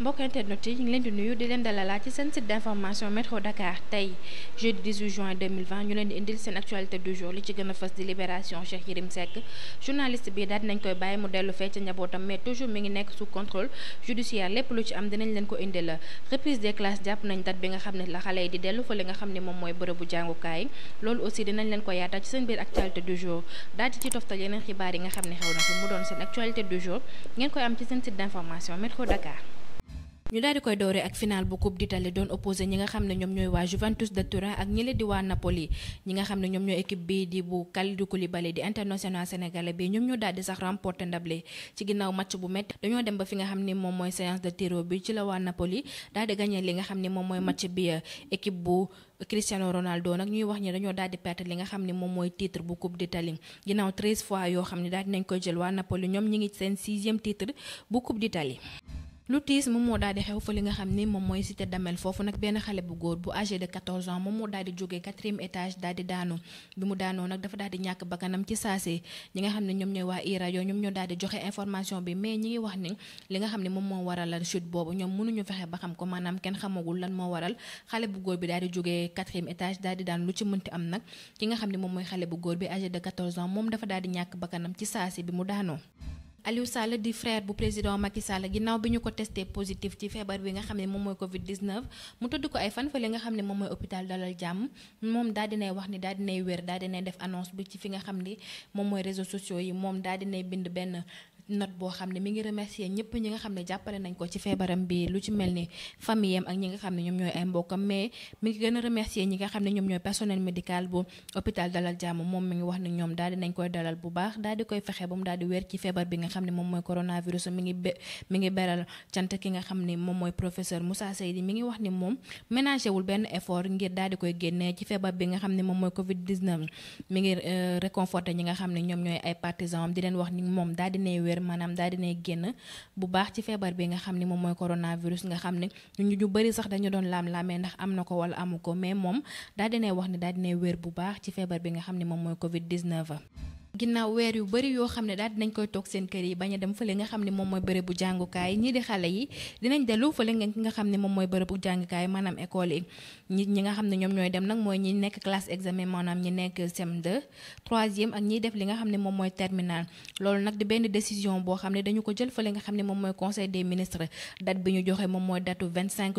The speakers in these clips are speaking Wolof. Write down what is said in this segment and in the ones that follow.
mbokk internet yi ñu ngi leen di nuyu di leen dalalaa ci seen site d'information métro Dakar tey jeudi 18 juin 2020 ñu leen di indil seen actualité du jour li ci gën a fës di libération Cheikh Yérim Seck journaliste bi daal dinañ koy bàyyi mu dellu fee ca njabootam mais toujours mi ngi nekk sous contrôle judiciaire lépp lu ci am dinañ leen ko indi la reprise des classes jàpp nañ date bi nga xam ne la xale yi di dellu fa li nga xam ne moom mooy bërëbu jàngukaay loolu aussi dinañ leen ko yaatal ci seen biir actualité du jour daal nga xam ne xew na fi mu am ci seen site d'information ñu daal di koy doore ak final bu coupe d'Italie doon opposé ñi nga xam ne ñoom ñooy waa Juventus de Turin ak ñi leen di waa Napoli ñi nga xam ne ñoom ñooy équipe bii di bu Kalidou Koulibaly di international sénégalais bi ñoom ñoo daal di sax remporté ndable ci ginnaaw match bu métti dañoo dem ba fi nga xam ni moom mooy séance de tiro bi ci la waa Napoli daal di gagné li nga xam ni moom mooy match bi euh, équipe bu Cristiano Ronaldo nag ñuy wax ñi dañoo daal di perte li nga xam ni moom mooy titre bu coupe d'Italie ginnaaw 13 yoo xam ne daal dinañ koy jël waa Napoli ñoom ñi ngi seen sixième titre bu coupe d'Italie lu tiis moom moo daal di xew fa li nga xam ni moom mooy cité Damel foofu nag benn xale bu góor bu âgé de 14 ans moom moo daal di jógee quatrième étage mu daanoo nag dafa dal di ñàkk bakkanam ci saasi ñi nga xam ne ñoom ñooy waa ñoom ñoo daal di joxe information bi mais ñi ngi wax ni li nga xam ne moom moo waral la boobu ñoom mënuñu fexe ba xam ko maanaam kenn xamagul lan waral xale bu góor bi daal di jógee quatrième étage daal di daan lu ci mënti am nag ki nga xam ne moom mooy xale bu góor bi âgé de 14 ans moom dafa daal di ñàkk bakkanam ci saasi bi mu daanoo Aliou Sall di frère bu président Macky Sall ginnaw biñu ko testé positif ci feebar bi nga xamné mom moy Covid 19 mu tuddu ko ay fan fële nga xamné mom moy hôpital Dalal jam. mom daal dinay wax ni daal dinay wér daal dinay def annonce bi ci fi nga xamné mom moy réseaux sociaux yi mom daal dinay bind ben note boo xam ne mi ngi remercier ñëpp ñi nga xam ne jàppale nañ ko ci feebaram bi lu ci mel ni famille am ak ñi nga xam ne ñooy ay mbokkam mais mi a remercier ne ñoom ñooy personnel médical bu hôpital Dalal Jàmm moom mi ngi moom mooy coronavirus mi ngi be beral cant ki nga xam ne moom mooy professeur Moussa Seydi mi ngi wax ni moom ménagé wul benn effort ngir daal di koy génnee ci feebar bi nga xam ne moom mooy Covid 19 mi ngi euh, réconforté ñi nga xam ne ñoom ñooy ay partisans am di leen wax ni moom daal di nay wér maanaam daal dinay génn bu baax ci feebar bi nga xam ne moom mooy coronavirus nga xam ne ñu ñu bëri sax dañu doon laam-laamee ndax am na ko wala amu ko mais moom daal dinay wax ne daal dinay wér bu baax ci feebar bi nga xam ne moom mooy covid 19 ginnaaw weer yu bëri yoo xam ne daal dinañ koy toog seen kër yi bañ a dem fële nga xam ne moom mooy bërëbu jàngukaay ñii di xale yi dinañ nga xam ne moom mooy bërëbu jàngukaay maanaam école yi ñi ñi nga xam ne ñoom ñooy dem nag mooy ñi nekk classe examen maanaam ñi nekk CM2 troisième ak nga xam ne moom mooy terminal loolu nag di benn décision boo xam ne dañu ko jël fële nga xam ne moom mooy conseil des ministres date bi ñu joxe moom mooy datu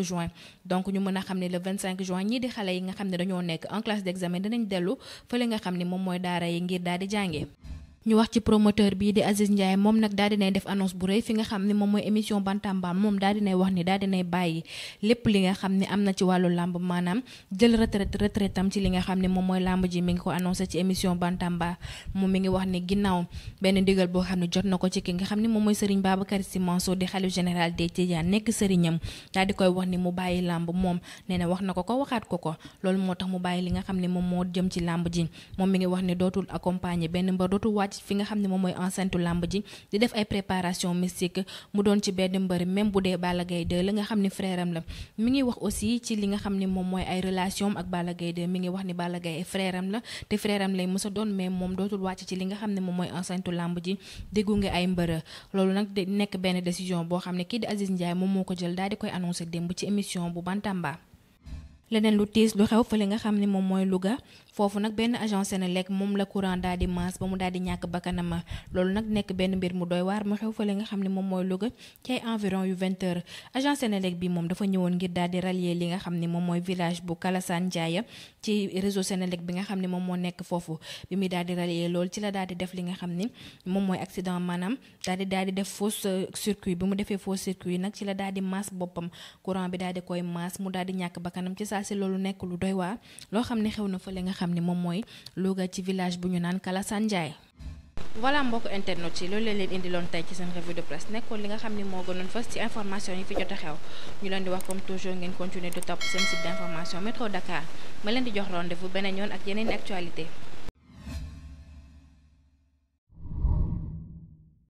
juin donc ñu a xam ne le 25 juin ñii di xale yi nga xam ne dañoo nekk en classe d'examen dinañ dellu fële nga xam ne moom mooy daara yi ngir daal di jàngee you. ñu wax ci promoteur bii di Aziz Ndiaye moom nag daal dinay def annonce bu rëy fi nga xam ne moom mooy émission Bantambam moom daal dinay wax ni daal dinay bàyyi lépp li nga xam ne am na ci wàllu làmb maanaam ci li nga xam ne moom mooy làmb ji mi ngi ko annoncé ci émission Bantamba moom mi ngi wax ni ginnaaw benn digal boo xam ne jot na ko ci ki nga xam ne moom mooy Serigne Babacar Sy Mansour di xalif général des Tidianes nekk sëriñam daal di koy wax ni mu bàyyi lamb moom nee na wax na ko ko waxaat ko ko loolu moo tax mu bàyyi li nga xam ne moom moo jëm ci làmb ji moom mi ngi wax ni dootul accompagner benn mbar dootul wàcc ci fi nga xam ne moom mooy enceinte làmb ji di def ay préparation mystique mu doon ci benn mbër même bu dee Balla gay 2 la nga xam ne frère am la mi ngi wax aussi ci li nga xam ni moom mooy ay relation ak Balla gay 2 mi ngi wax ni Balla gay frère am la te frère am lay mës doon mais moom dootul wàcc ci li nga xam ne moom mooy enceinte làmb ji déggu nga ay mbër loolu nag nekk benn décision boo xam ne kii di Aziz Ndiaye moom moo ko jël dal di koy annoncé démb ci émission bu Bantamba leneen lu tiis lu nga xam ne moom mooy Louga fofu nak ben agence Senelec mom la courant daal di maas ba mu daal di ñak bakanam lolou nak nek ben bir mu doy war mu xew fele nga xamni mom moy mooy Louga ci ay environ yu 20 h agence Senelec bi mom dafa ñewon ngir daal di rallier li nga xamni mom moy mooy village bu kalasan jaaya ci réseau Senelec bi nga xamni mom mo nek fofu foofu bi muy daal di rallier loolu ci la daal di def li nga xamni mom moy accident manam daal di daal di def fausse circuit bi mu defee fausse circuit nak ci la daal di maas bopam courant bi daal di koy maas mu daal di ñak bakanam ci saa si loolu nekk lu doy war lo xamni xewna fele nga xam xam ne moom mooy Louga ci village bu ñu naan Kalasan Ndiaye. voilà mbokk internet yi loolu leen leen indi loon tey ci seen revue de presse nekkoon li nga xam ne moo gënoon fës ci information yi fi jot a xew ñu leen di wax comme toujours ngeen continuer de topp seen site d'information métro Dakar ma leen di jox rendez-vous beneen yoon ak yeneen actualité